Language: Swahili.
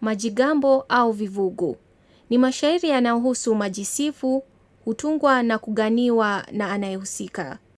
majigambo au vivugu. Ni mashairi yanayohusu majisifu, hutungwa na kuganiwa na anayehusika.